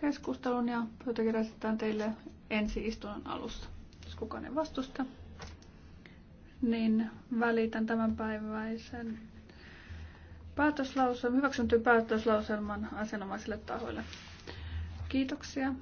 keskustelun ja pöytäkirjastetaan teille ensi istunnon alussa. Jos kukaan ei vastusta, niin välitän tämänpäiväisen päätöslauselman, hyväksyntyy päätöslauselman asianomaisille tahoille. Kiitoksia.